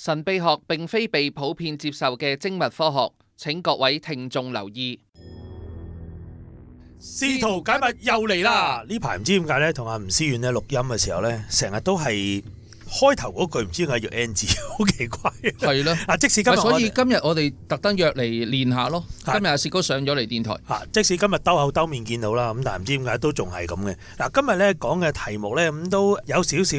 神秘學並非被普遍接受嘅精密科學，請各位聽眾留意。試圖解密又嚟啦！呢排唔知點解咧，同阿吳思遠咧錄音嘅時候咧，成日都係開頭嗰句唔知點解叫 NG 字，好奇怪。係咯，啊，即使今日，所以今日我哋特登約嚟練下咯。今日阿薛哥上咗嚟電台。啊，即使今日兜口兜面見到啦，咁但係唔知點解都仲係咁嘅。嗱，今日咧講嘅題目咧，咁都有少少。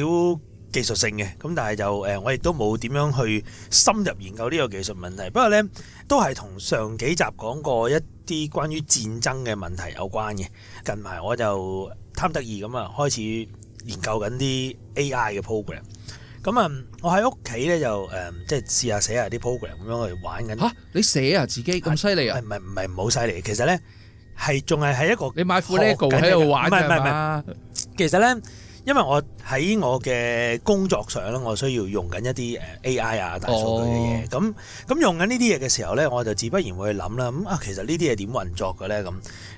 技術性嘅，咁但係就誒，我亦都冇點樣去深入研究呢個技術問題。不過咧，都係同上幾集講過一啲關於戰爭嘅問題有關嘅。近排我就貪得意咁啊，開始研究緊啲 AI 嘅 program。咁、嗯、啊，我喺屋企咧就誒，即、嗯、係試下寫下啲 program 咁樣去玩緊。嚇、啊！你寫啊自己咁犀利啊？係咪唔係唔好犀利？其實咧係仲係喺一個你買 funeral 喺度玩。其實咧。因為我喺我嘅工作上咧，我需要用緊一啲誒 AI 啊、大數據嘅嘢，咁咁用緊呢啲嘢嘅時候咧，我就自不然會去諗啦。咁啊，其實呢啲嘢點運作嘅咧？咁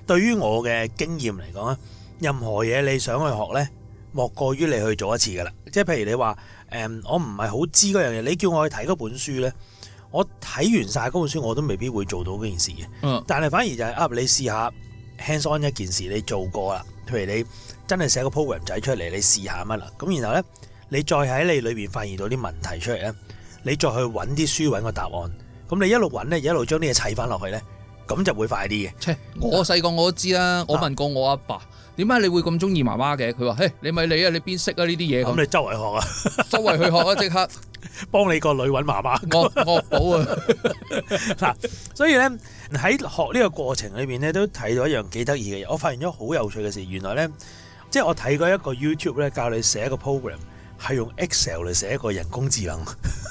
對於我嘅經驗嚟講咧，任何嘢你想去學咧，莫過於你去做一次噶啦。即係譬如你話誒、嗯，我唔係好知嗰樣嘢，你叫我去睇嗰本書咧，我睇完晒嗰本書我都未必會做到嗰件事嘅。Mm. 但係反而就係啊，你試下 hands on 一件事，你做過啦。譬如你。真係寫個 program 仔出嚟，你試下乜啦？咁然後咧，你再喺你裏邊發現到啲問題出嚟咧，你再去揾啲書揾個答案。咁你一路揾咧，一路將啲嘢砌翻落去咧，咁就會快啲嘅、欸。我細個我都知啦、啊，我問過我阿爸,爸，點解你會咁中意媽媽嘅？佢話：，誒、hey,，你咪理啊，你邊識啊呢啲嘢？咁你周圍學啊， 周圍去學啊，即刻幫 你個女揾媽媽惡惡補啊！嗱，所以咧喺學呢個過程裏邊咧，都睇到一樣幾得意嘅嘢。我發現咗好有趣嘅事，原來咧。即係我睇過一個 YouTube 咧，教你寫一個 program，係用 Excel 嚟寫一個人工智能。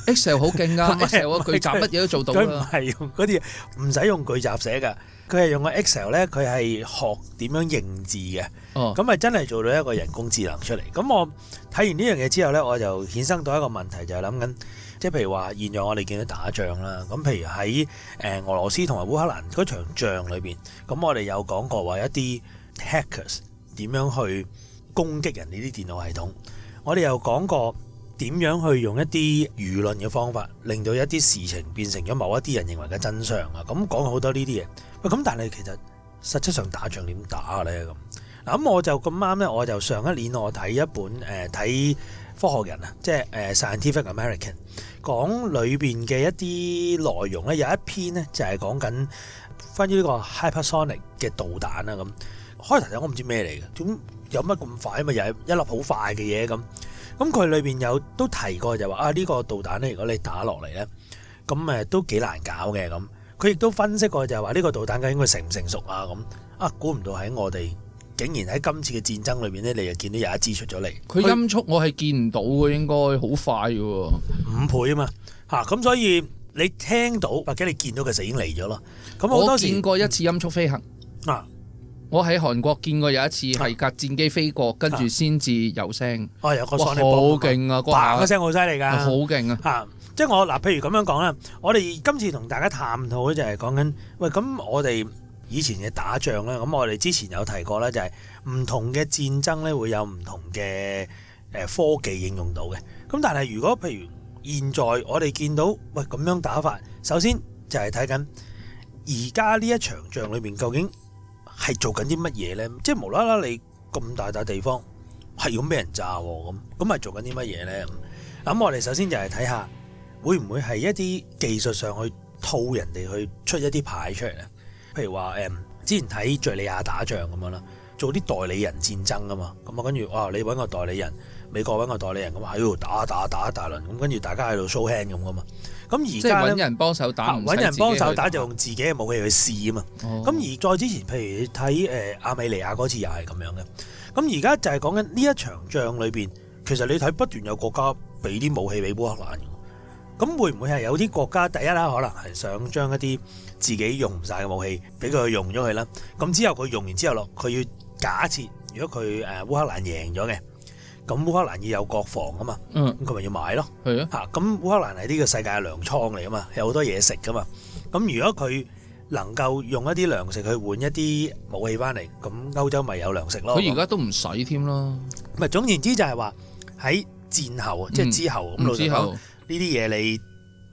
Excel 好勁噶，Excel 個巨集乜嘢都做到，唔係用嗰啲唔使用巨集寫㗎。佢係用個 Excel 咧，佢係學點樣認字嘅。咁咪真係做到一個人工智能出嚟。咁我睇完呢樣嘢之後咧，我就衍生到一個問題，就係諗緊，即係譬如話現在我哋見到打仗啦，咁譬如喺誒俄羅斯同埋烏克蘭嗰場仗裏面，咁我哋有講過話一啲 hackers。點樣去攻擊人哋啲電腦系統？我哋又講過點樣去用一啲輿論嘅方法，令到一啲事情變成咗某一啲人認為嘅真相啊！咁講好多呢啲嘢，咁但係其實實質上打仗點打呢？咁咁我就咁啱呢，我就上一年我睇一本誒，睇、呃、科學人啊，即係 Scientific American，講裏邊嘅一啲內容呢，有一篇呢，就係講緊關於呢個 hypersonic 嘅導彈咁。開頭我唔知咩嚟嘅，點有乜咁快啊？嘛又係一粒好快嘅嘢咁，咁佢裏邊有都提過就話啊，呢個導彈咧，如果你打落嚟咧，咁誒都幾難搞嘅咁。佢亦都分析過就係話呢個導彈究竟佢成唔成熟啊咁啊，估唔到喺我哋竟然喺今次嘅戰爭裏邊咧，你又見到有一支出咗嚟。佢音速我係見唔到嘅，應該好快嘅，五倍啊嘛，吓咁，所以你聽到或者你見到嘅時已經嚟咗咯。咁我見過一次音速飛行啊。我喺韓國見過有一次係架戰機飛過，啊、跟住先至有聲。哦、啊啊，有個聲好勁啊！嗰、那、下個聲好犀利㗎，好、啊、勁啊，啊！即係我嗱，譬如咁樣講啦，我哋今次同大家探討就係講緊喂，咁我哋以前嘅打仗呢，咁我哋之前有提過啦，就係唔同嘅戰爭咧會有唔同嘅誒科技應用到嘅。咁但係如果譬如現在我哋見到喂咁樣打法，首先就係睇緊而家呢一場仗裏邊究竟，係做緊啲乜嘢咧？即係無啦啦，你咁大笪地方係咁俾人炸喎咁，咁係做緊啲乜嘢咧？咁我哋首先就係睇下會唔會係一啲技術上去套人哋去出一啲牌出嚟咧？譬如話誒，之前睇敍利亞打仗咁樣啦，做啲代理人戰爭啊嘛，咁啊跟住哇，你揾個代理人，美國揾個代理人咁喺度打打打打一大輪，咁跟住大家喺度 show hand 咁啊嘛。咁而家揾人幫手打，揾人幫手打就用自己嘅武器去試啊嘛。咁、哦、而再之前，譬如睇誒亞美尼亞嗰次，又係咁樣嘅。咁而家就係講緊呢一場仗裏面，其實你睇不斷有國家俾啲武器俾烏克蘭。咁會唔會係有啲國家第一啦，可能係想將一啲自己用唔晒嘅武器俾佢用咗佢啦。咁之後佢用完之後咯，佢要假設如果佢誒、呃、烏克蘭贏咗嘅。咁烏克蘭要有國防啊嘛，嗯，咁佢咪要買咯。係啊，嚇咁烏克蘭係呢個世界嘅糧倉嚟啊嘛，有好多嘢食噶嘛。咁如果佢能夠用一啲糧食去換一啲武器翻嚟，咁歐洲咪有糧食咯。佢而家都唔使添咯。咪總言之就係話喺戰後，即係之後，咁，嗯，老實講呢啲嘢你，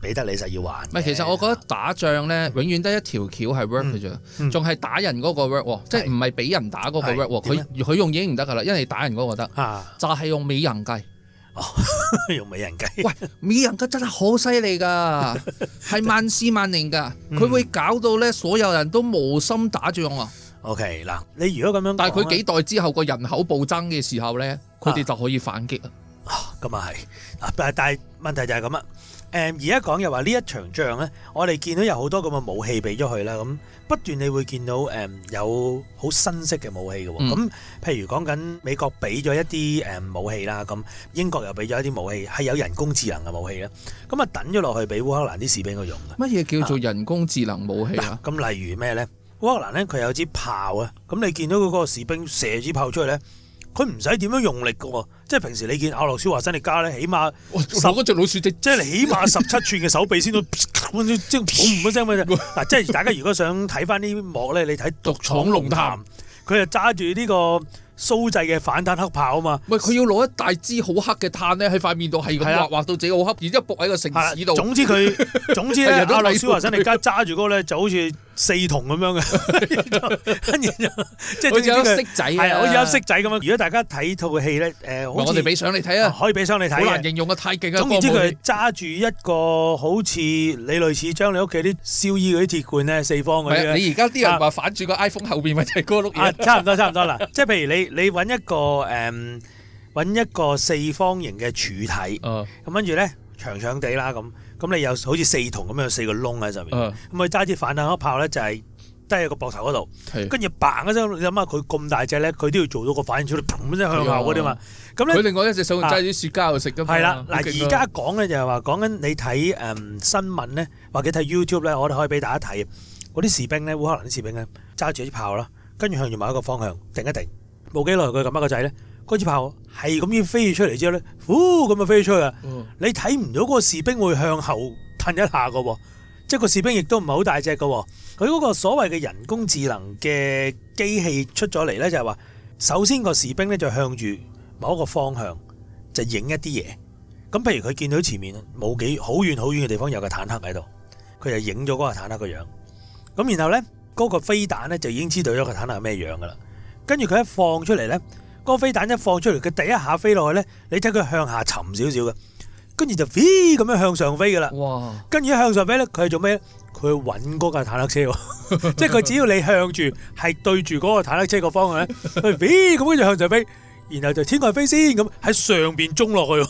俾得你就要還。唔係，其實我覺得打仗咧、嗯，永遠得一條橋係 work 嘅、嗯、啫，仲、嗯、係打人嗰個 work 喎，即係唔係俾人打嗰個 work 喎。佢佢用已經唔得噶啦，因為打人嗰個得，就係、是、用美人計。哦、 用美人計。喂，美人計真係好犀利噶，係 萬試萬靈噶。佢、嗯、會搞到咧，所有人都無心打仗啊、嗯。OK 嗱，你如果咁樣，但係佢幾代之後個人口暴增嘅時候咧，佢、啊、哋就可以反擊啦。咁啊係，嗱，但係問題就係咁啊。誒而家講又話呢一場仗咧，我哋見到有好多咁嘅武器俾咗佢啦，咁不斷你會見到誒有好新式嘅武器嘅喎，咁譬如講緊美國俾咗一啲武器啦，咁英國又俾咗一啲武器，係有人工智能嘅武器啦。咁啊等咗落去俾烏克蘭啲士兵去用。乜嘢叫做人工智能武器啊？咁例如咩咧？烏克蘭咧佢有支炮啊，咁你見到佢嗰個士兵射支炮出去咧？佢唔使點樣用力嘅喎，即係平時你見阿羅舒華辛力加咧，起碼十嗰隻老鼠，即即係起碼十七寸嘅手臂先到，即 嗱，即係 大家如果想睇翻啲幕咧，你睇《獨闖龍潭》，佢就揸住呢個蘇製嘅反彈黑炮啊嘛。唔係，佢要攞一大支好黑嘅炭咧，喺塊面度係咁畫，畫到自己好黑，然之後駁喺個城市度。總之佢，總之 阿羅舒華辛力加揸住嗰個咧就好似。四筒咁樣嘅、 啊，跟住就即係好似啲骰仔，係啊，好似有骰仔咁樣。如果大家睇套戲咧，誒，我哋俾相你睇啊，可以俾相你睇。好難形容得太勁啊！總之佢揸住一個好似你類似將你屋企啲燒衣嗰啲鐵罐咧，四方嗰啲。你而家啲人話反住個 iPhone 後邊咪、啊、就係嗰碌嘢差唔多，差唔多啦。即係譬如你，你揾一個誒，揾、嗯、一個四方形嘅柱體，哦、嗯，咁跟住咧長長地啦咁。咁你有好似四筒咁樣有四個窿喺上面，咁佢揸支反坦克炮咧就係低喺個膊頭嗰度，跟住嘭一聲，你諗下佢咁大隻咧，佢都要做到個反應出嚟，嘭一聲向後嗰啲嘛。咁咧佢另外一隻手揸住啲雪膠去食咁。係啦，嗱而家講咧就係話講緊你睇誒、嗯、新聞咧，或者睇 YouTube 咧，我哋可以俾大家睇嗰啲士兵咧，烏克蘭啲士兵咧揸住一啲炮啦，跟住向住某一個方向定一定，冇幾耐佢撳一個掣咧。嗰支炮係咁、哦、樣飛出嚟之後咧，呼咁啊飛出啊！你睇唔到嗰個士兵會向後褪一下噶？即係個士兵亦都唔係好大隻噶。佢嗰個所謂嘅人工智能嘅機器出咗嚟咧，就係話，首先個士兵咧就向住某一個方向就影一啲嘢。咁譬如佢見到前面冇幾好遠好遠嘅地方有個坦克喺度，佢就影咗嗰個坦克個樣。咁然後咧，嗰、嗰個飛彈咧就已經知道咗個坦克係咩樣噶啦。跟住佢一放出嚟咧。嗰飛彈一放出嚟，佢第一下飛落去咧，你睇佢向下沉少少嘅，跟住就飛咁樣向上飛噶啦。哇！跟住向上飛咧，佢係做咩？佢搵嗰架坦克車喎， 即係佢只要你向住係對住嗰個坦克車個方向咧，佢飛咁樣就向上飛，然後就天外飛仙咁喺上邊中落去。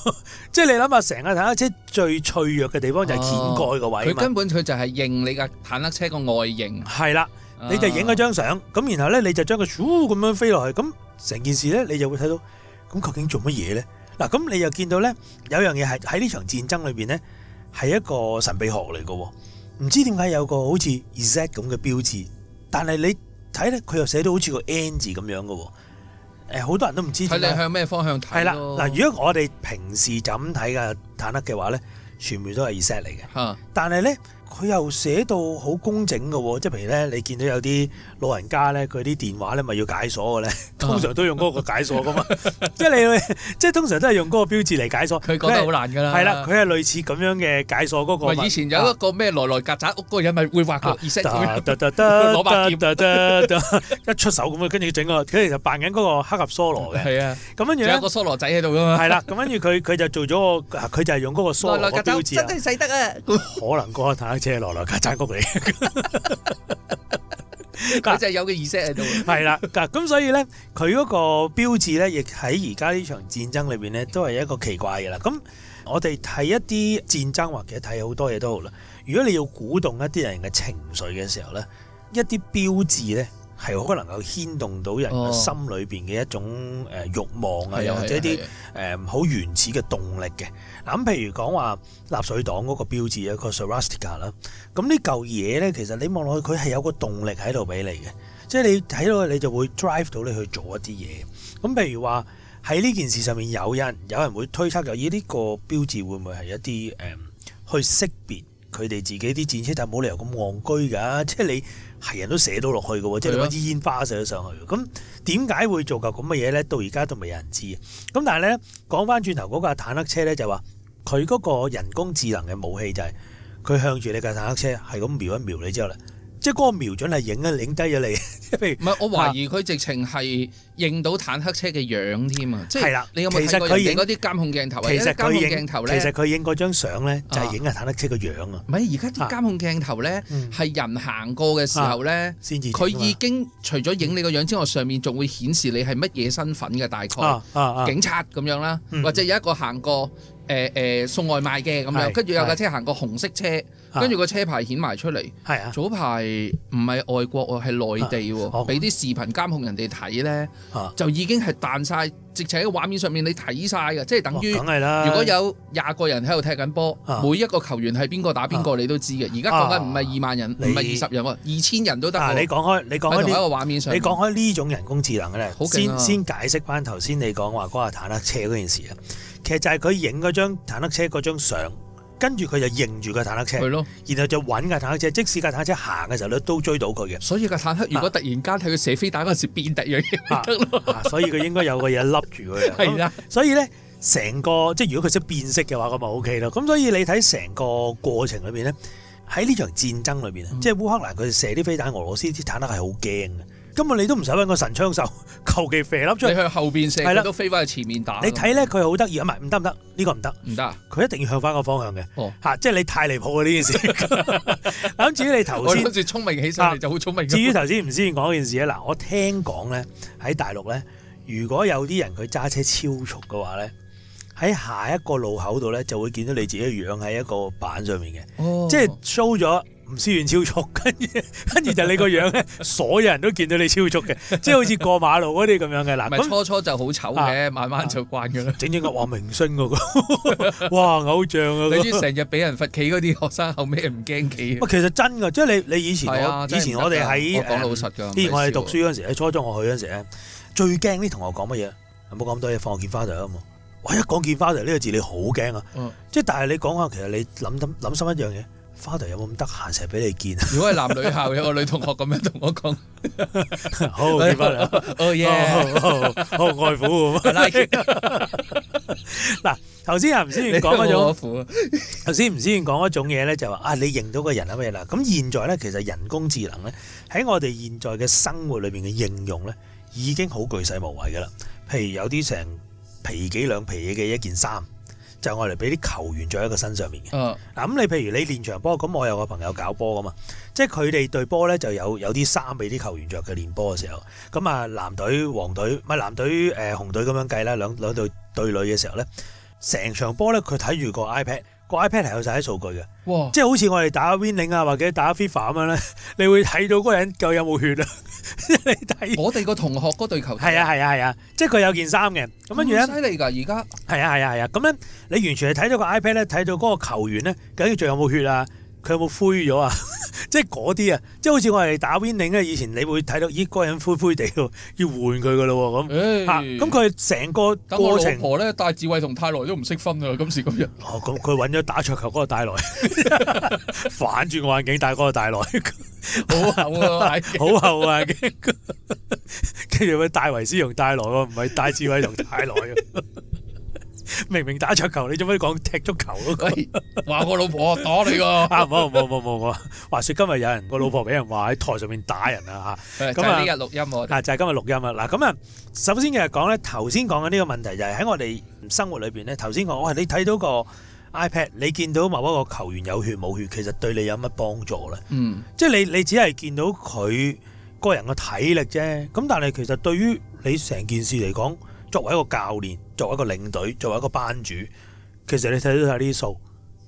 即係你諗下，成架坦克車最脆弱嘅地方就係掀蓋個位。佢、哦、根本佢就係認你架坦克車個外形。係啦。你就影咗張相，咁然後咧你就將佢咻咁樣飛落去，咁成件事咧你就會睇到，咁究竟做乜嘢咧？嗱，咁你又見到咧有樣嘢係喺呢場戰爭裏邊咧係一個神秘學嚟嘅，唔知點解有個好似 Z 咁嘅標誌，但係你睇咧佢又寫到好似個 n 字咁樣嘅，誒，好多人都唔知道什麼。睇你向咩方向睇？係啦，嗱，如果我哋平時就咁睇嘅坦克嘅話咧，全部都係 Z 嚟嘅，但係咧。佢又寫到好工整嘅喎，即係譬如咧，你見到有啲老人家咧，佢啲電話咧咪要解鎖嘅咧，通常都用嗰個解鎖㗎嘛，即、啊、係你，即 係通常都係用嗰個標誌嚟解鎖。佢覺得好難㗎啦是。係啦，佢係類似咁樣嘅解鎖嗰個。以前有一個咩來來曱甴屋嗰個人咪會畫個意色得得得一出手咁啊，跟住整個，跟住就扮緊嗰個黑俠蘇羅嘅。係啊，咁跟住。有個蘇羅仔喺度㗎嘛。係啦，咁跟住佢佢就做咗個，佢就係用嗰個蘇羅嘅標誌。真真使得啊！可能車落落格爭谷嚟， 佢就係有嘅意識喺度。係啦，咁所以呢，佢嗰個標誌呢，亦喺而家呢場戰爭裏邊呢，都係一個奇怪嘅啦。咁我哋睇一啲戰爭，或者睇好多嘢都好啦。如果你要鼓動一啲人嘅情緒嘅時候呢，一啲標誌呢。係好能夠牽動到人嘅心裏邊嘅一種誒慾望啊，又或者一啲誒好原始嘅動力嘅。嗱咁，譬如講話納粹黨嗰個標誌啊，個 swastika 啦，咁呢嚿嘢咧，其實你望落去佢係有個動力喺度俾你嘅，即係你睇落去你就會 drive 到你去做一啲嘢。咁譬如話喺呢件事上面有人，有人會推測就以呢個標誌會唔會係一啲誒、嗯、去識別？佢哋自己啲戰車就冇理由咁戇居㗎，即係你係人都寫到落去嘅喎，即係攞支煙花寫咗上去。咁點解會做嚿咁嘅嘢咧？到而家都未有人知。咁但係咧，講翻轉頭嗰架坦克車咧，就話佢嗰個人工智能嘅武器就係、是、佢向住你架坦克車係咁瞄一瞄你之後咧。即係嗰個瞄準係影啊，影低咗你，唔係，我懷疑佢直情係認到坦克車嘅樣添啊！即係，你有冇睇過佢影嗰啲監控鏡頭？其實佢影，其實佢影嗰張相咧，就係影架坦克車嘅樣啊！唔係，而家啲監控鏡頭咧，係、啊啊、人行過嘅時候咧，先至佢已經除咗影你個樣之外，上面仲會顯示你係乜嘢身份嘅大概，啊啊、警察咁樣啦、啊啊，或者有一個行過。呃、送外賣嘅咁樣，跟住有架車行過紅色車，跟住個車牌顯埋出嚟。啊，早排唔係外國喎，係內地喎，俾啲視頻監控人哋睇咧，就已經係彈晒，直情喺畫面上面你睇晒嘅，即係等於。梗係啦。如果有廿個人喺度踢緊波，每一個球員係邊個打邊個，你都知嘅。而家講緊唔係二萬人，唔係二十人，二千人都得、啊。你講開，你講開，喺一個畫面上，你講開呢種人工智能咧、啊，先先解釋翻頭先你講話瓜仔坦克車嗰件事啊。其實就係佢影嗰張坦克車嗰張相，跟住佢就認住個坦克車，然後就揾架坦克車。即使架坦克車行嘅時候咧，都追到佢嘅。所以架坦克如果突然間喺佢射飛彈嗰陣時、啊、變突樣嘢得咯。所以佢應該有個嘢笠住佢。係 啦、啊 OK，所以咧成個即係如果佢識變色嘅話，咁咪 OK 咯。咁所以你睇成個過程裏邊咧，喺呢場戰爭裏邊、嗯、即係烏克蘭佢哋射啲飛彈，俄羅斯啲坦克係好驚嘅。根本你都唔使搵個神槍手，求其肥粒出去向後邊射，都飛翻去前面打。你睇咧佢好得意，唔係唔得唔得，呢、呢個唔得。唔得、啊，佢一定要向翻個方向嘅。嚇、oh.，即係你太離譜 你很啊！呢件事。諗住你頭先，我諗住聰明起身，就好聰明。至於頭先唔先講件事咧，嗱，我聽講咧喺大陸咧，如果有啲人佢揸車超速嘅話咧，喺下一個路口度咧就會見到你自己樣喺一個板上面嘅，oh. 即係 show 咗。唔思源超速，跟住跟住就你個樣咧，所 有人都見到你超速嘅，即 係好似過馬路嗰啲咁樣嘅啦。唔係初初就好醜嘅，慢慢就慣咗。啦、啊啊，整整個話明星嗰個， 哇，偶像啊！你知成日俾人罰企嗰啲學生，後尾唔驚企。其實真噶，即 係你你以前我是、啊，以前我哋喺，我講老實噶，我哋讀書嗰陣時，喺初中我去嗰陣時咧，最驚啲同學講乜嘢？冇 咁多嘢，放個見花就啊嘛。我、嗯、一講見花就呢個字你很怕，嗯、你好驚啊！即係但係你講下，其實你諗諗深一樣嘢。花弟有冇咁得閒？成日俾你見啊！如果係男女校有個女同學咁樣同我講，好結婚好愛婦，好拉傑。嗱，頭先阿吳思講嗰種，頭先吳思講嗰種嘢咧，就話啊，你認到個人係咩喇。咁現在咧，其實人工智能咧，喺我哋現在嘅生活裏邊嘅應用咧，已經好巨細無遺噶啦。譬如有啲成皮幾兩皮嘢嘅一件衫。就愛嚟俾啲球員着喺個身上面嘅。嗱，咁你譬如你練場波，咁我有個朋友搞波噶嘛，即係佢哋對波咧就有有啲衫，俾啲球員着嘅練波嘅時候，咁啊藍隊、黃隊，唔係藍隊誒、呃、紅隊咁樣計啦，兩兩隊對壘嘅時候咧，成場波咧佢睇住個 iPad，個 iPad 係有晒啲數據嘅。即、wow，係好似我哋打 Winning 啊，或者打 FIFA 咁樣咧，你會睇到嗰個人夠有冇血啊？ 你睇我哋個同學嗰隊球隊、啊，係啊係啊係啊，即係佢有件衫嘅，咁跟住咧犀利噶而家，係啊係啊係啊，咁咧、啊啊啊啊啊啊嗯、你完全係睇到個 iPad 咧，睇到嗰個球員咧，究竟仲有冇血啊？佢有冇灰咗啊、就是？即係嗰啲啊，即係好似我哋打 winning 咧，以前你會睇到，咦，個人灰灰地，要換佢噶咯咁。吓，咁佢成個過程咧，戴志偉同泰來都唔識分啊！今時今日，哦，咁佢揾咗打桌球嗰個泰來， 反轉眼鏡，戴個泰來，好厚啊，好厚啊，跟住佢戴維斯同泰來喎，唔係戴志偉同泰來。 明明打桌球，你做咩講踢足球？咯？話我老婆 打你個。啊，冇冇冇冇冇。話說今日有人個、嗯、老婆俾人話喺台上面打人啦、啊、吓。就呢日錄音喎。就係今日錄音我啊。嗱、就是，咁啊，首先就係講咧，頭先講嘅呢個問題就係喺我哋生活裏邊咧，頭先講我你睇到個 iPad，你見到某一個球員有血冇血，其實對你有乜幫助咧？嗯。即、就、係、是、你你只係見到佢個人個體力啫，咁但係其實對於你成件事嚟講。作為一個教練，作為一個領隊，作為一個班主，其實你睇到下呢啲數，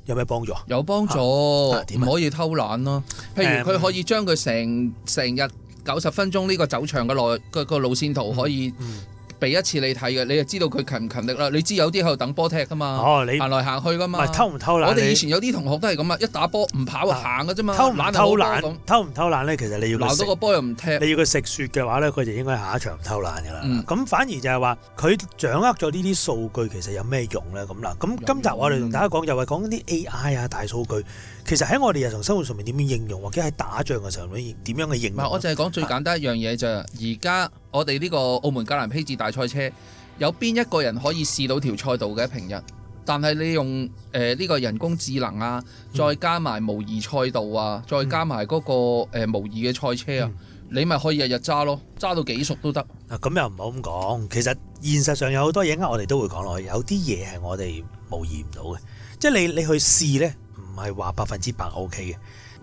有咩幫助？有幫助，唔、啊、可以偷懶咯、啊。譬如佢可以將佢成成日九十分鐘呢個走場嘅路嘅、嗯、路線圖可以。嗯嗯畀一次你睇嘅，你就知道佢勤唔勤力啦。你知有啲喺度等波踢噶嘛？哦，你行來行去噶嘛？係偷唔偷懶？我哋以前有啲同學都係咁啊，一打波唔跑啊，行噶啫嘛。偷唔偷，偷懶？偷唔偷懶咧？其實你要搞到個波又唔踢，你要佢食雪嘅話咧，佢就應該下一場唔偷懶噶啦。咁、嗯、反而就係話佢掌握咗呢啲數據，其實有咩用咧？咁啦，咁今集我哋同大家講又係、就是、講啲 AI 啊、大數據，其實喺我哋日常生活上面點樣應用，或者喺打仗嘅時候點樣去應用。唔係，我就係講最簡單一樣嘢就而家。啊我哋呢個澳門格蘭披治大賽車，有邊一個人可以試到條賽道嘅平日？但係你用誒呢個人工智能啊，再加埋模擬賽道啊，嗯、再加埋嗰個誒模擬嘅賽車啊，嗯、你咪可以日日揸咯，揸到幾熟都得。嗱、啊，咁又唔好咁講。其實現實上有好多嘢，我哋都會講落去。有啲嘢係我哋模擬唔到嘅，即係你你去試呢，唔係話百分之百 OK 嘅。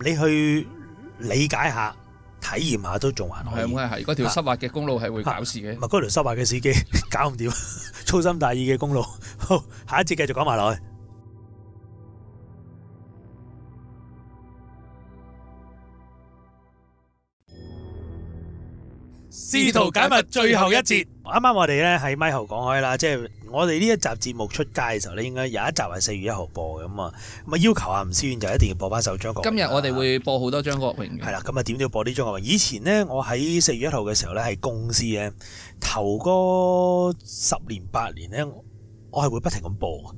你去理解下。體驗下都仲還可以，係咪？嗰條濕滑嘅公路係會搞事嘅。唔係嗰條濕滑嘅司機搞唔掂，粗心大意嘅公路。好，下一節繼續講埋落去。試圖解密最後一節。啱啱我哋咧喺咪後講開啦，即係我哋呢一集節目出街嘅時候咧，應該有一集係四月一號播嘅咁啊，咁啊要求阿吳思遠就一定要播翻首張國榮。今日我哋會播好多張國榮。係啦，咁啊點都要播啲張國榮。以前咧，我喺四月一號嘅時候咧，係公司咧，頭嗰十年八年咧，我係會不停咁播。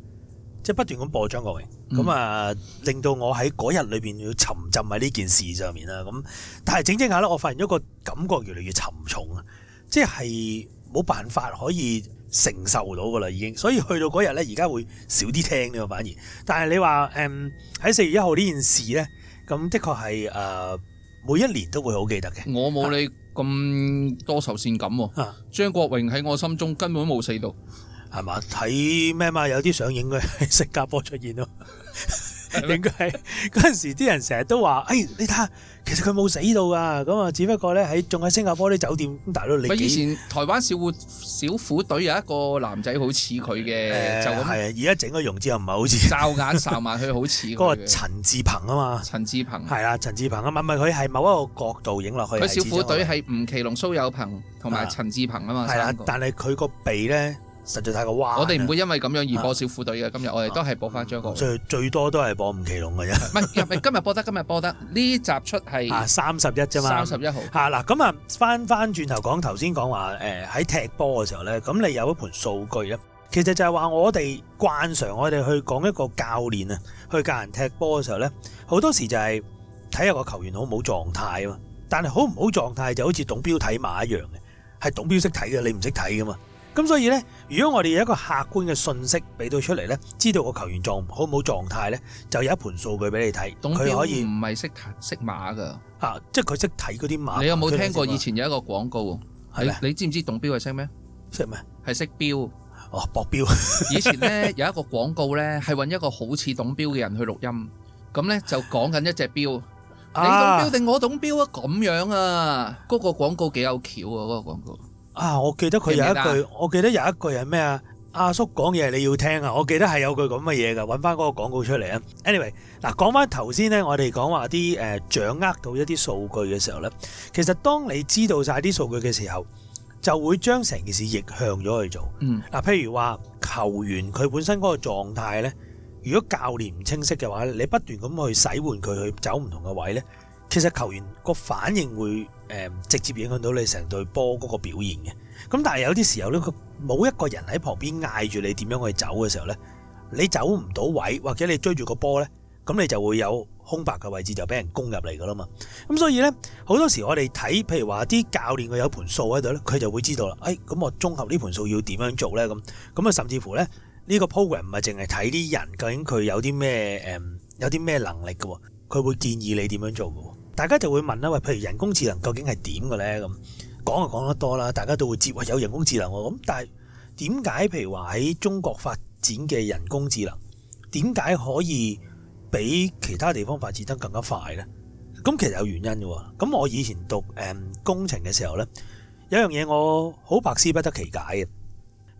即係不斷咁播張國榮，咁啊令到我喺嗰日裏邊要沉浸喺呢件事上面啦。咁但係整整下咧，我發現一個感覺越嚟越沉重啊！即係冇辦法可以承受到噶啦，已經。所以去到嗰日咧，而家會少啲聽呢個反而。但係你話誒喺四月一號呢件事咧，咁的確係誒每一年都會好記得嘅。我冇你咁多愁善感喎、啊，張國榮喺我心中根本冇死到。係嘛？睇咩嘛？有啲相影佢喺新加坡出現咯， 應該係嗰陣時啲人成日都話，哎，你睇下，其實佢冇死到㗎，咁啊，只不過咧喺仲喺新加坡啲酒店打到你。以前台灣小虎小虎隊有一個男仔好似佢嘅，就係啊，而家整咗容之後又唔係好似。驟眼睄埋佢好似嗰個陳志朋啊嘛。陳志朋係啊，陳志朋啊，唔係佢係某一個角度影落去。佢小虎隊係吳奇隆、蘇有朋同埋陳志朋啊嘛，三個。但係佢個鼻咧。實在太過歪，我哋唔會因為咁樣而播小虎隊嘅。今日我哋都係播翻張國，最最多都係播吳奇隆嘅啫。今日播得，今日播得。呢集出係三十一啫嘛，三十一號。啊嗱，咁啊，翻翻轉頭講頭先講話誒，喺踢波嘅時候咧，咁你有一盤數據咧，其實就係話我哋慣常我哋去講一個教練啊，去教人踢波嘅時候咧，好多時就係睇下個球員好唔好狀態啊嘛。但係好唔好狀態就好似董驃睇馬一樣嘅，係董驃識睇嘅，你唔識睇噶嘛。咁所以咧，如果我哋有一個客觀嘅信息俾到出嚟咧，知道個球員狀好唔好狀態咧，就有一盤數據俾你睇。董驃可以唔係識識馬噶，吓、啊，即係佢識睇嗰啲馬。你有冇聽過以前有一個廣告？係咪？你知唔知董驃係識咩？識咩？係識錶哦，博錶。 以前咧有一個廣告咧，係搵一個好似董驃嘅人去錄音，咁咧就講緊一隻錶，啊。你董標定我董標啊？咁樣啊？嗰，那個廣告幾有巧啊？嗰，那個廣告。啊！我記得佢有一句，我記得有一句係咩啊？阿叔講嘢你要聽啊！我記得係有句咁嘅嘢噶，揾翻嗰個廣告出嚟啊。Anyway，嗱講翻頭先咧，我哋講話啲誒掌握到一啲數據嘅時候咧，其實當你知道曬啲數據嘅時候，就會將成件事逆向咗去做。嗯，嗱，譬如話球員佢本身嗰個狀態咧，如果教練唔清晰嘅話咧，你不斷咁去洗換佢去走唔同嘅位咧，其實球員個反應會。誒，直接影響到你成隊波嗰個表現嘅。咁但係有啲時候咧，佢冇一個人喺旁邊嗌住你點樣去走嘅時候咧，你走唔到位，或者你追住個波咧，咁你就會有空白嘅位置就俾人攻入嚟噶啦嘛。咁所以咧，好多時我哋睇，譬如話啲教練佢有盤數喺度咧，佢就會知道啦。誒，咁我綜合呢盤數要點樣做咧？咁咁啊，甚至乎咧，呢個 program 唔係淨係睇啲人究竟佢有啲咩誒，有啲咩能力噶，佢會建議你點樣做噶。大家就會問啦，喂，譬如人工智能究竟係點嘅咧？咁講就講得多啦，大家都會接話，有人工智能喎。咁但係點解譬如話喺中國發展嘅人工智能，點解可以比其他地方發展得更加快咧？咁其實有原因嘅。咁我以前讀誒工程嘅時候咧，有樣嘢我好百思不得其解嘅，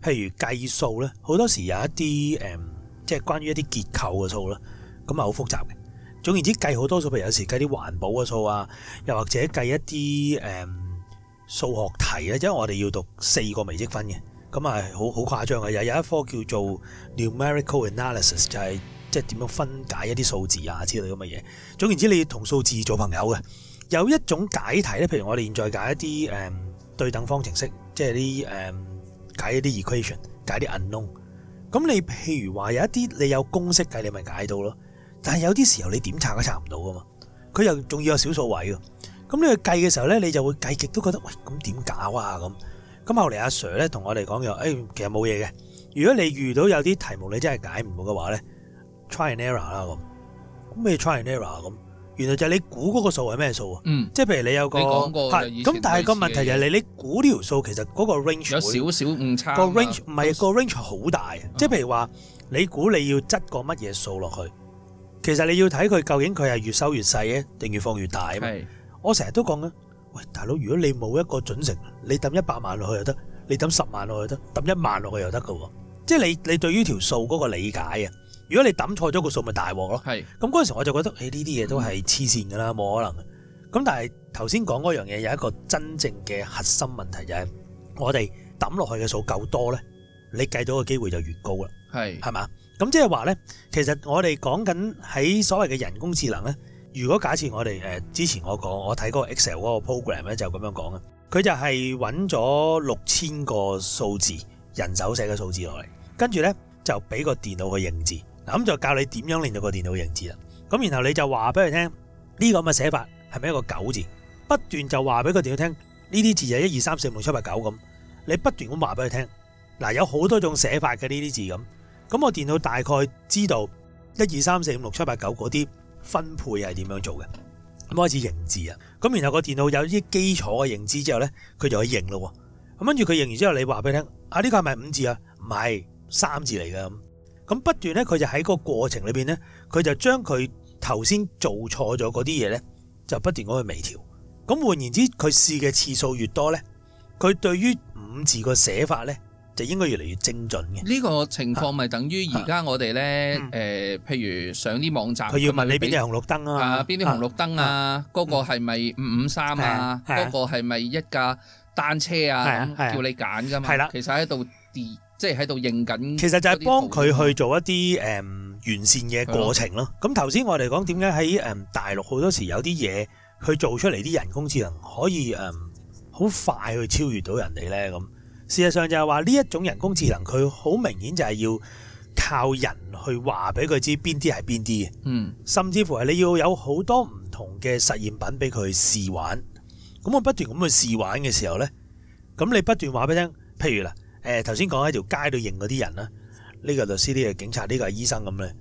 譬如計數咧，好多時有一啲誒，即係關於一啲結構嘅數啦，咁啊好複雜嘅。總言之計很多數，計好多數，譬如有時計啲環保嘅數啊，又或者計一啲誒數學題啊，因為我哋要讀四個微積分嘅，咁啊好好誇張嘅。又有一科叫做 numerical analysis，就係即係點樣分解一啲數字啊之類咁嘅嘢。總言之，你同數字做朋友嘅。有一種解題咧，譬如我哋現在解一啲誒、嗯、對等方程式，即係啲誒解一啲 equation，解啲 unknown。咁你譬如話有一啲你有公式計，你咪解到咯。但係有啲時候你點查都查唔到噶嘛，佢又仲要有少數位噶，咁你去計嘅時候咧，你就會計極都覺得喂，咁點搞啊咁。咁後嚟阿 Sir 咧同我哋講就，誒、欸、其實冇嘢嘅，如果你遇到有啲題目你真係解唔到嘅話咧，try and error 啦咁，咁你 try and error 咁，原來就係你估嗰個數係咩數啊？即係譬如你有個係，咁但係個問題就係你估呢條數其實嗰個 range 有少少誤差，個 range 唔係、個 range 好大即係譬如話、嗯、你估你要執個乜嘢數落去。其實你要睇佢究竟佢係越收越細咧，定越放越大。我成日都講嘅，喂大佬，如果你冇一個準繩，你抌一百萬落去又得，你抌十萬落去又得，抌一萬落去又得㗎喎。即係你你對於條數嗰個數理解啊。如果你抌錯咗個數，咪大鑊咯。咁嗰陣時候我就覺得誒呢啲嘢都係黐線噶啦，冇可能。咁但係頭先講嗰樣嘢有一個真正嘅核心問題就係、是、我哋抌落去嘅數夠多咧，你計到嘅機會就越高啦。係係嘛？咁即係話呢，其實我哋講緊喺所謂嘅人工智能呢。如果假設我哋誒、呃、之前我講，我睇嗰個 Excel 嗰個 program 咧，就咁樣講啊，佢就係揾咗六千個數字，人手寫嘅數字落嚟，跟住呢，就俾個電腦嘅認字，咁就教你點樣令到個電腦認字啦。咁然後你就話俾佢聽呢個咁嘅寫法係咪一個九字，不斷就話俾個電腦聽呢啲字就一二三四五六七八九咁，你不斷咁話俾佢聽，嗱，有好多種寫法嘅呢啲字咁。咁我電腦大概知道一二三四五六七八九嗰啲分配係點樣做嘅，咁開始認字啊，咁然後個電腦有啲基礎嘅認知之後咧，佢就可以認咯，咁跟住佢認完之後，你話俾佢聽，啊呢個係咪五字啊？唔係三字嚟㗎。」咁不斷咧，佢就喺個過程裏邊咧，佢就將佢頭先做錯咗嗰啲嘢咧，就不斷咁去微調，咁換言之，佢試嘅次數越多咧，佢對於五字個寫法咧。就應該越嚟越精準嘅。呢個情況咪等於而家我哋咧，誒，譬如上啲網站，佢要問你邊啲紅綠燈啊，邊啲紅綠燈啊，嗰個係咪五五三啊，嗰個係咪一架單車啊，叫你揀㗎嘛。其實喺度啲，即係喺度認緊。其實就係幫佢去做一啲誒完善嘅過程咯。咁頭先我哋講點解喺誒大陸好多時有啲嘢，佢做出嚟啲人工智能可以誒好快去超越到人哋咧咁。事實上就係話呢一種人工智能佢好明顯就係要靠人去話俾佢知邊啲係邊啲嘅，甚至乎係你要有好多唔同嘅實驗品俾佢試玩。咁我不斷咁去試玩嘅時候咧，咁你不斷話俾佢聽，譬如啦，誒，頭先講喺條街度認嗰啲人啦，呢個律師、呢個警察、呢個係醫生咁咧，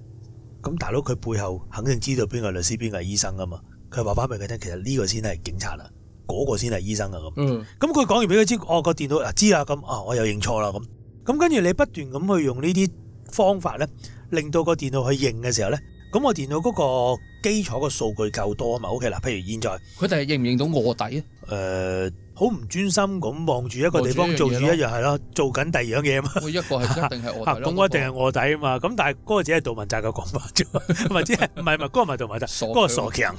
咁大佬佢背後肯定知道邊個律師、邊個係醫生噶嘛，佢話翻俾佢聽，其實呢個先係警察啦。嗰、那個先係醫生啊咁、嗯嗯哦，咁佢講完俾佢知，哦個電腦啊知啊咁，啊，啊我又認錯啦咁，咁跟住你不斷咁去用呢啲方法咧，令到個電腦去認嘅時候咧，咁我電腦嗰個基礎嘅數據夠多啊嘛，OK 啦，譬如現在佢第日認唔認到臥底啊？誒、呃，好唔專心咁望住一個地方做住一樣係咯，做緊第二樣嘢嘛。我一個係真定係臥底咁我、啊啊那個、一定係臥底啊我說嘛，咁但係嗰個只係杜汶澤嘅講法啫，或者係唔係？唔 係，嗰個唔係杜汶澤，嗰個傻強。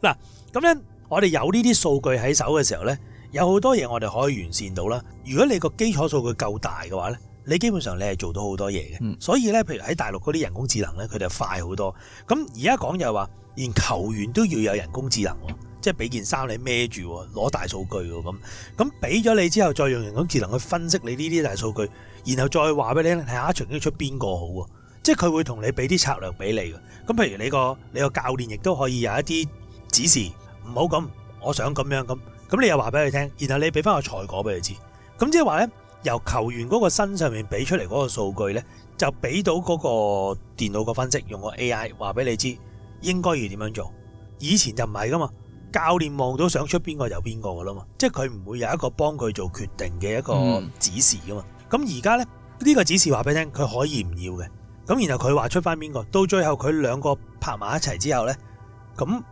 嗱咁樣。我哋有呢啲數據喺手嘅時候呢，有好多嘢我哋可以完善到啦。如果你個基礎數據夠大嘅話呢，你基本上你係做到好多嘢嘅。所以呢，譬如喺大陸嗰啲人工智能呢，佢就快好多。咁而家講就係話，連球員都要有人工智能喎，即係俾件衫你孭住攞大數據喎，咁咁俾咗你之後，再用人工智能去分析你呢啲大數據，然後再話俾你睇下一場要出邊個好喎，即係佢會同你俾啲策略俾你。咁譬如你個你個教練亦都可以有一啲指示。唔好咁，我想咁樣咁，咁你又話俾佢聽，然後你俾翻個成果俾佢知，咁即係話呢由球員嗰個身上面俾出嚟嗰個數據呢，就俾到嗰個電腦個分析，用個 AI 話俾你知應該要點樣做。以前就唔係噶嘛，教練望到想出邊個就邊個噶啦嘛，即係佢唔會有一個幫佢做決定嘅一個指示噶嘛。咁而家呢，呢、呢個指示話俾你聽，佢可以唔要嘅。咁然後佢話出翻邊個，到最後佢兩個拍埋一齊之後呢，咁。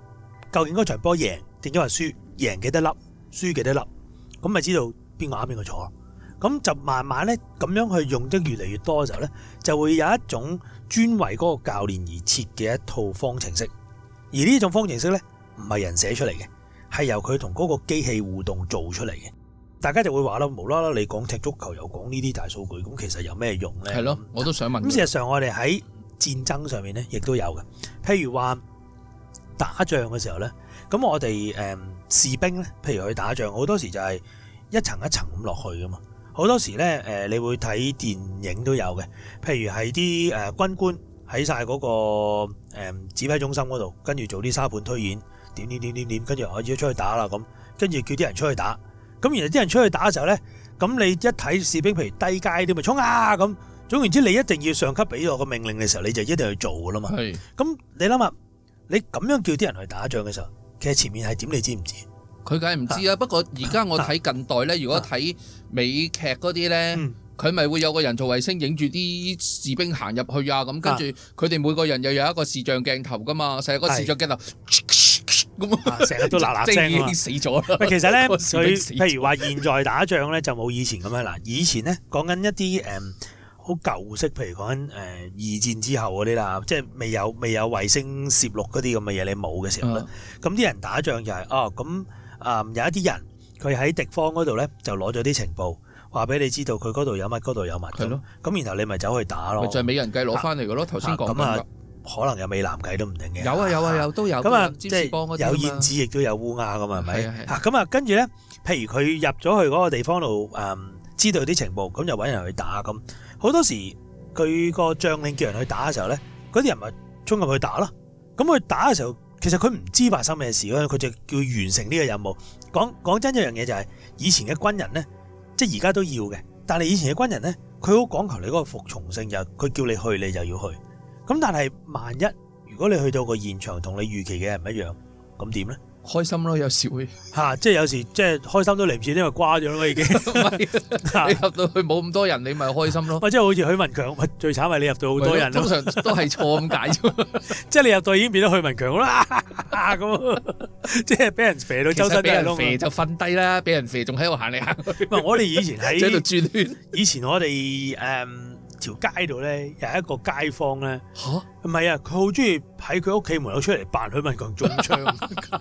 究竟嗰場波贏定咗係輸，贏幾多粒，輸幾多粒，咁咪知道邊個啱邊個錯咯？咁就慢慢咧咁樣去用得越嚟越多嘅時候咧，就會有一種專為嗰個教練而設嘅一套方程式。而呢種方程式咧，唔係人寫出嚟嘅，係由佢同嗰個機器互動做出嚟嘅。大家就會話啦，無啦啦你講踢足球又講呢啲大數據，咁其實有咩用咧？係咯，我都想問。咁事實上我哋喺戰爭上面咧，亦都有嘅，譬如話。打仗嘅時候咧，咁我哋誒士兵咧，譬如去打仗，好多時就係一層一層咁落去噶嘛。好多時咧，誒你會睇電影都有嘅，譬如係啲誒軍官喺晒嗰個誒指揮中心嗰度，跟住做啲沙盤推演，點點點點點，跟住我要出去打啦咁，跟住叫啲人出去打。咁原來啲人出去打嘅時候咧，咁你一睇士兵，譬如低階點咪衝啊咁。總言之，你一定要上級俾我個命令嘅時候，你就一定要去做噶啦嘛。係。咁你諗下。你咁樣叫啲人去打仗嘅時候，其實前面係點你知唔知？佢梗係唔知啊。不過而家我睇近代咧、啊啊，如果睇美劇嗰啲咧，佢、嗯、咪會有個人造衛星影住啲士兵行入去啊，咁跟住佢哋每個人又有一個視像鏡頭噶嘛，成日個視像鏡頭咁，成日都嗱嗱聲啊，已經死咗。其實咧，佢譬如話現在打仗咧就冇以前咁樣啦。以前咧講緊一啲誒。好舊式，譬如講緊誒二戰之後嗰啲啦，即係未有未有衛星攝錄嗰啲咁嘅嘢，你冇嘅時候咧，咁、嗯、啲人打仗就係、是、哦咁啊、嗯、有一啲人佢喺敵方嗰度咧就攞咗啲情報，話俾你知道佢嗰度有乜，嗰度有乜咁咯。咁然後你咪走去打咯，就係、美人計攞翻嚟嘅咯。頭先講咁啊，啊，可能有美男計都唔定嘅。有啊有啊有，都有咁啊，即係有燕子亦都有烏鴉㗎嘛，係咪？咁啊，跟住咧，譬如佢入咗去嗰個地方度、嗯、知道啲情報，咁就揾人去打咁。好多時佢個將領叫人去打嘅時候呢，嗰啲人咪衝入去打咯。咁佢打嘅時候，其實佢唔知發生咩事，佢就叫完成呢個任務。講講真一樣嘢就係、是，以前嘅軍人呢，即係而家都要嘅。但係以前嘅軍人呢，佢好講求你嗰個服從性，就佢叫你去，你就要去。咁但係萬一如果你去到個現場同你預期嘅人唔一樣，咁點呢？開心咯，有時會吓、啊，即係有時即係開心都嚟唔切，因為瓜咗咯，已經。 不是 你入到去冇咁多人，你咪開心咯。 即係好似許文強， 最慘係你入到好多人。通常都係錯咁解啫。 即係你入到去已經變咗許文強啦，咁、 啊啊、即係俾人肥到周身俾人，人肥，就瞓低啦，俾人肥，仲喺度行嚟行去。我哋以前喺喺度轉圈。 以前我哋誒。 條街度咧，有一個街坊咧，吓唔係啊！佢好中意喺佢屋企門口出嚟扮許文強中槍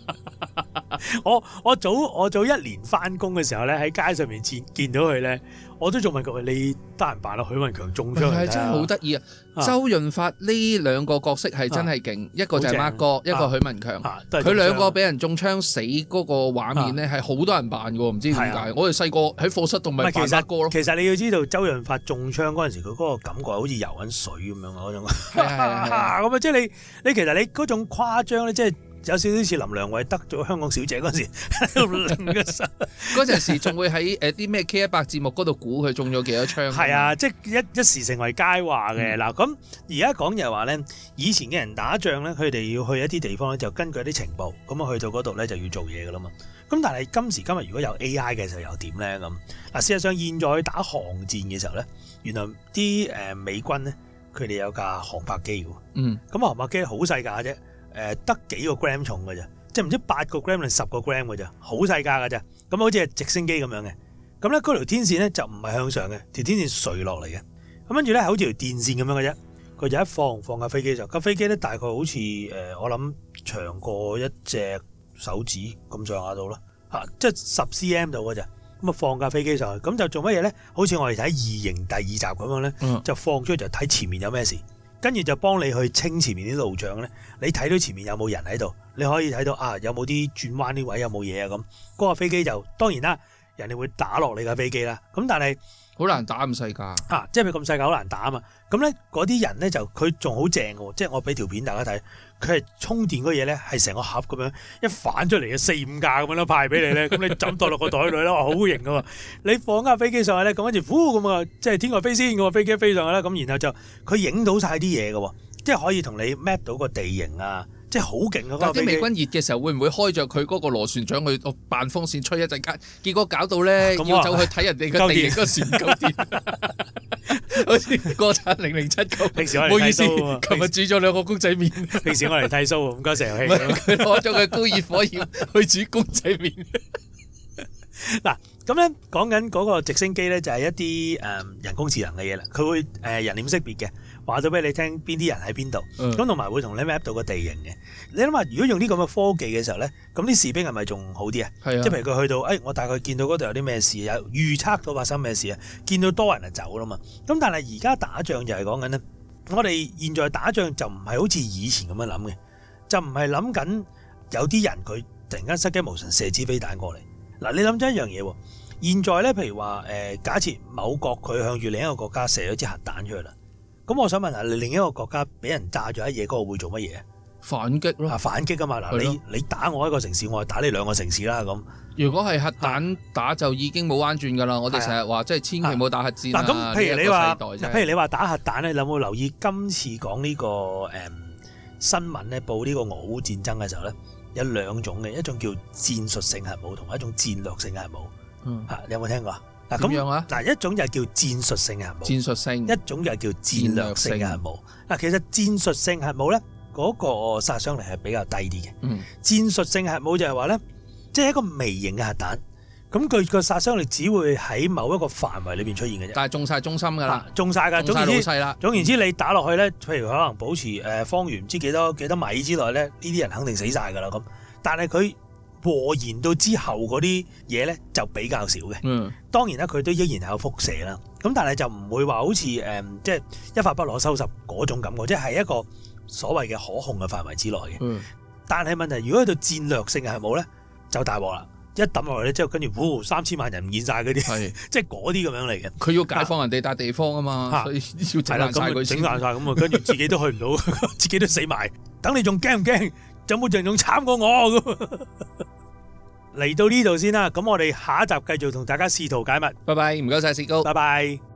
我。我我早我早一年翻工嘅時候咧，喺街上面見，見到佢咧。我都仲問過佢，你得人扮咯？許文強中槍看看，係真係好得意啊！周潤發呢兩個角色係真係勁、啊，一個就係 Mark 哥是、啊，一個許文強。佢、啊、兩個俾人中槍死嗰個畫面咧，係好多人扮嘅喎，唔、啊、知點解、啊。我哋細個喺課室度咪扮 Mark 哥咯。其實你要知道，周潤發中槍嗰陣時，佢嗰個感覺好似游緊水咁樣嗰種，咁啊，即係、啊啊啊就是、你你其實你嗰種誇張咧，即係。有少少似林良偉得咗香港小姐嗰時,候 時，零嗰時，仲會喺誒啲咩 K 一百節目嗰度估佢中咗幾多槍。係啊，即係一一時成為佳話嘅。嗱咁而家講就係話咧，以前嘅人打仗咧，佢哋要去一啲地方咧，就根據啲情報，咁啊去到嗰度咧就要做嘢噶啦嘛。咁但係今時今日如果有 AI 嘅時候又點咧咁？嗱，事實上現在打航戰嘅時候咧，原來啲誒美軍咧佢哋有架航拍機嘅。嗯，咁航拍機好細架啫。誒得幾個 gram 重嘅啫，即係唔知八個 gram 定十個 gram 嘅啫，好細架嘅啫。咁好似係直升機咁樣嘅。咁咧嗰條天線咧就唔係向上嘅，條天線垂落嚟嘅。咁跟住咧，好似條電線咁樣嘅啫。佢就一放放架飛機上，架飛機咧大概好似誒我諗長過一隻手指咁上下度咯嚇，即係十 cm 度嘅啫。咁啊放架飛機上去，咁就做乜嘢咧？好似我哋睇《異形》第二集咁樣咧，就放出去，就睇前面有咩事。跟住就幫你去清前面啲路障咧，你睇到前面有冇人喺度，你可以睇到啊，有冇啲轉彎啲位有冇嘢啊咁，嗰個飛機就當然啦，人哋會打落你架飛機啦。咁但係好難打咁細架，啊，即係佢咁細架好難打嘛。咁咧嗰啲人咧就佢仲好正喎，即係我俾條片大家睇。佢係充電嗰嘢咧，係成個盒咁樣一反出嚟嘅，四五架咁樣都派俾你咧，咁 你就袋落個袋裏咯，好型噶嘛！你放架飛機上去咧，咁跟住呼咁啊，即係天外飛仙個飛機飛上去啦，咁然後就佢影到晒啲嘢嘅，即係可以同你 map 到個地形啊！即係好勁啊！嗰啲微軍熱嘅時候，會唔會開著佢嗰個螺旋槳去扮風扇吹一陣間？結果搞到咧要走去睇人哋嘅地形嗰時，好似《國產零零七》咁。唔好意思，琴日煮咗兩個公仔麵。平時我嚟剃須喎，唔該成日氣。唔係，佢攞咗個高熱火焰去煮公仔麵。嗱，咁咧講緊嗰個直升機咧，就係一啲誒人工智能嘅嘢啦。佢會誒人臉識別嘅。話咗俾你聽，邊啲人喺邊度，咁同埋會同你 map 到個地形嘅。你諗下，如果用啲咁嘅科技嘅時候咧，咁啲士兵係咪仲好啲啊？係啊，即係譬如佢去到，哎，我大概見到嗰度有啲咩事，有預測到發生咩事啊，見到多人就走啦嘛。咁但係而家打仗就係講緊咧，我哋現在打仗就唔係好似以前咁樣諗嘅，就唔係諗緊有啲人佢突然間失驚無神射支飛彈過嚟。嗱，你諗咗一樣嘢喎，現在咧，譬如話，誒，假設某國佢向住另一個國家射咗支核彈出去啦。咁我想問下，另一個國家俾人炸咗一嘢郊，嗰個、會做乜嘢？反擊咯。反擊吖嘛？嗱，你你打我一個城市，我就打你兩個城市啦。咁，如果係核彈打就已經冇彎轉噶啦。我哋成日話，即係千祈唔好打核戰啦。嗱，咁譬如你話，譬如你話、呢個、打核彈咧，你有冇留意今次講呢、呢個誒、嗯、新聞咧報呢個俄烏戰爭嘅時候咧，有兩種嘅，一種叫戰術性核武，同一種戰略性核武。嗯、你有冇聽過？嗱咁，嗱一種又叫戰術性核武，戰術性一種又叫戰略性核武。嗱，其實戰術性核武咧，嗰個殺傷力係比較低啲嘅。嗯、戰術性核武就係話咧，即、就、係、是、一個微型嘅核彈，咁佢個殺傷力只會喺某一個範圍裏邊出現嘅啫。但係中曬中心㗎啦，中曬㗎，總之老細啦。總言之，之你打落去咧，譬如可能保持誒方圓唔知幾多幾多米之內咧，呢啲人肯定死晒㗎啦。咁，但係佢。過燃到之後嗰啲嘢咧就比較少嘅，嗯、當然啦，佢都依然有輻射啦。咁但係就唔會話好似誒即係一發不可收拾嗰種感覺，即係一個所謂嘅可控嘅範圍之內嘅。嗯、但係問題如果喺度戰略性係冇咧，就大鑊啦！一抌落嚟咧，之後跟住，呼、呃、三千萬人唔見晒嗰啲，係即係嗰啲咁樣嚟嘅。佢要解放人哋笪地方嘛啊嘛，所以要整爛曬佢，整爛晒。咁啊，跟住 自己都去唔到， 自己都死埋。等你仲驚唔驚？有冇人咁慘過我嚟 到呢度先啦，咁我哋下一集繼續同大家試圖解密。拜拜，唔該晒，雪糕。拜拜。